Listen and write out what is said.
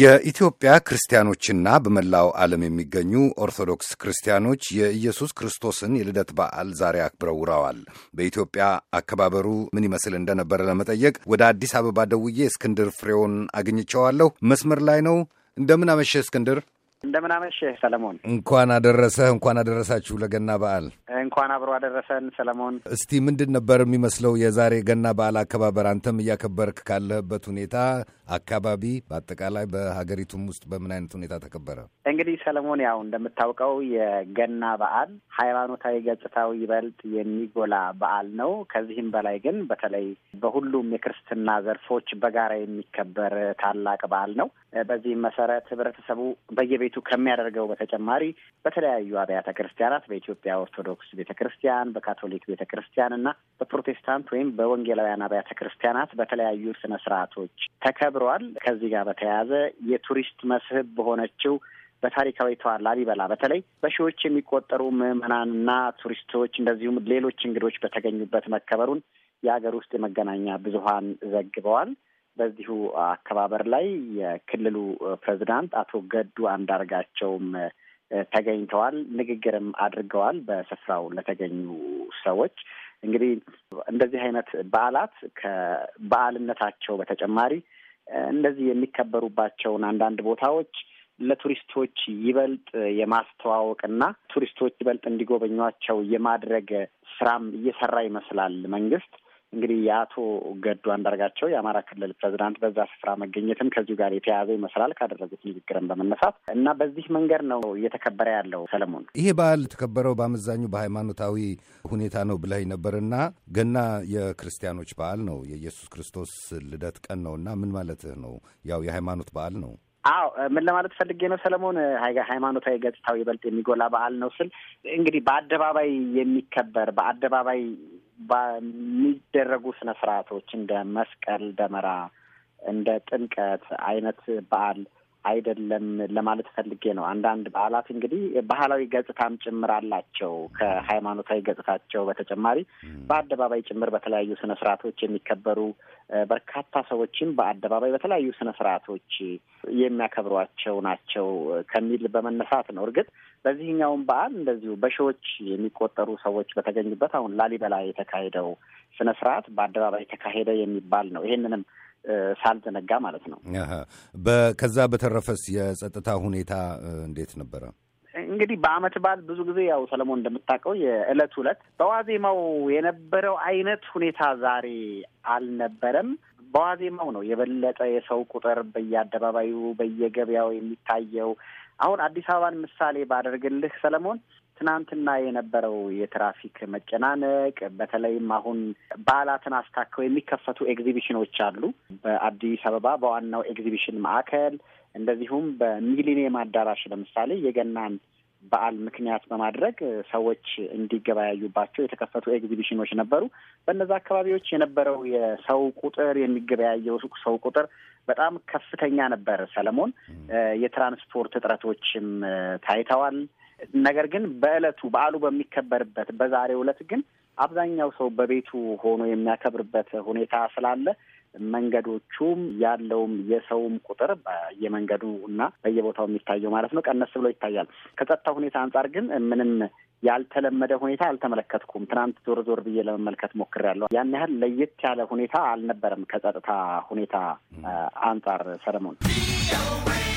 የኢትዮጵያ ክርስቲያኖችና በመላው ዓለም የሚገኙ ኦርቶዶክስ ክርስቲያኖች የኢየሱስ ክርስቶስን የልደት በዓል ዛሬ አክብረው ውረዋል። በኢትዮጵያ አከባበሩ ምን ይመስል እንደነበረ ለመጠየቅ ወደ አዲስ አበባ ደውዬ እስክንድር ፍሬውን አግኝቸዋለሁ። መስመር ላይ ነው። እንደምን አመሸ እስክንድር? እንደምን አመሸህ ሰለሞን። እንኳን አደረሰህ እንኳን አደረሳችሁ ለገና በዓል። እንኳን አብሮ አደረሰን ሰለሞን። እስቲ ምንድን ነበር የሚመስለው የዛሬ ገና በዓል አከባበር? አንተም እያከበርክ ካለህበት ሁኔታ አካባቢ፣ በአጠቃላይ በሀገሪቱም ውስጥ በምን አይነት ሁኔታ ተከበረ? እንግዲህ ሰለሞን፣ ያው እንደምታውቀው የገና በዓል ሃይማኖታዊ ገጽታው ይበልጥ የሚጎላ በዓል ነው። ከዚህም በላይ ግን በተለይ በሁሉም የክርስትና ዘርፎች በጋራ የሚከበር ታላቅ በዓል ነው። በዚህም መሰረት ህብረተሰቡ በየቤቱ ከሚያደርገው በተጨማሪ በተለያዩ አብያተ ክርስቲያናት በኢትዮጵያ ኦርቶዶክስ ቤተ ክርስቲያን፣ በካቶሊክ ቤተ ክርስቲያን እና በፕሮቴስታንት ወይም በወንጌላውያን አብያተ ክርስቲያናት በተለያዩ ስነ ስርዓቶች ተከብሯል። ከዚህ ጋር በተያያዘ የቱሪስት መስህብ በሆነችው በታሪካዊቷ ላሊበላ በተለይ በሺዎች የሚቆጠሩ ምዕመናንና ቱሪስቶች እንደዚሁም ሌሎች እንግዶች በተገኙበት መከበሩን የሀገር ውስጥ የመገናኛ ብዙኃን ዘግበዋል። በዚሁ አከባበር ላይ የክልሉ ፕሬዚዳንት አቶ ገዱ አንዳርጋቸውም ተገኝተዋል። ንግግርም አድርገዋል በስፍራው ለተገኙ ሰዎች። እንግዲህ እንደዚህ አይነት በዓላት ከበዓልነታቸው በተጨማሪ እንደዚህ የሚከበሩባቸውን አንዳንድ ቦታዎች ለቱሪስቶች ይበልጥ የማስተዋወቅና ቱሪስቶች ይበልጥ እንዲጎበኟቸው የማድረግ ስራም እየሰራ ይመስላል መንግስት። እንግዲህ የአቶ ገዱ አንዳርጋቸው የአማራ ክልል ፕሬዚዳንት በዛ ስፍራ መገኘትም ከዚሁ ጋር የተያያዘ ይመስላል ካደረጉት ንግግርን በመነሳት እና በዚህ መንገድ ነው እየተከበረ ያለው። ሰለሞን፣ ይሄ በዓል የተከበረው በአመዛኙ በሃይማኖታዊ ሁኔታ ነው ብለህ ነበርና ገና የክርስቲያኖች በዓል ነው የኢየሱስ ክርስቶስ ልደት ቀን ነው እና ምን ማለትህ ነው? ያው የሃይማኖት በዓል ነው። አዎ ምን ለማለት ፈልጌ ነው ሰለሞን፣ ሃይማኖታዊ ገጽታው ይበልጥ የሚጎላ በዓል ነው ስል እንግዲህ በአደባባይ የሚከበር በአደባባይ በሚደረጉ ስነ ስርዓቶች እንደ መስቀል ደመራ፣ እንደ ጥምቀት አይነት በዓል አይደለም ለማለት ፈልጌ ነው። አንዳንድ በዓላት እንግዲህ ባህላዊ ገጽታም ጭምር አላቸው። ከሃይማኖታዊ ገጽታቸው በተጨማሪ በአደባባይ ጭምር በተለያዩ ስነ ስርዓቶች የሚከበሩ በርካታ ሰዎችም በአደባባይ በተለያዩ ስነ ስርዓቶች የሚያከብሯቸው ናቸው ከሚል በመነሳት ነው። እርግጥ በዚህኛውም በዓል እንደዚሁ በሺዎች የሚቆጠሩ ሰዎች በተገኙበት አሁን ላሊበላ የተካሄደው ስነ ስርዓት በአደባባይ ተካሄደ የሚባል ነው። ይሄንንም ሳልዘነጋ ማለት ነው። ከዛ በተረፈስ የጸጥታ ሁኔታ እንዴት ነበረ? እንግዲህ በዓመት በዓል ብዙ ጊዜ ያው ሰለሞን እንደምታውቀው የዕለት ሁለት በዋዜማው የነበረው አይነት ሁኔታ ዛሬ አልነበረም። በዋዜማው ነው የበለጠ የሰው ቁጥር በየአደባባዩ በየገበያው የሚታየው። አሁን አዲስ አበባን ምሳሌ ባደርግልህ ሰለሞን ትናንትና የነበረው የትራፊክ መጨናነቅ በተለይም አሁን በዓላትን አስታከው የሚከፈቱ ኤግዚቢሽኖች አሉ። በአዲስ አበባ በዋናው ኤግዚቢሽን ማዕከል እንደዚሁም በሚሊኒየም አዳራሽ ለምሳሌ የገናን በዓል ምክንያት በማድረግ ሰዎች እንዲገበያዩባቸው የተከፈቱ ኤግዚቢሽኖች ነበሩ። በእነዛ አካባቢዎች የነበረው የሰው ቁጥር የሚገበያየው ሰው ቁጥር በጣም ከፍተኛ ነበር። ሰለሞን፣ የትራንስፖርት እጥረቶችም ታይተዋል። ነገር ግን በእለቱ በዓሉ በሚከበርበት በዛሬው እለት ግን አብዛኛው ሰው በቤቱ ሆኖ የሚያከብርበት ሁኔታ ስላለ መንገዶቹም ያለውም የሰውም ቁጥር በየመንገዱ እና በየቦታው የሚታየው ማለት ነው ቀነስ ብሎ ይታያል። ከጸጥታ ሁኔታ አንጻር ግን ምንም ያልተለመደ ሁኔታ አልተመለከትኩም። ትናንት ዞር ዞር ብዬ ለመመልከት ሞክሬያለሁ። ያን ያህል ለየት ያለ ሁኔታ አልነበረም ከጸጥታ ሁኔታ አንጻር ሰለሞን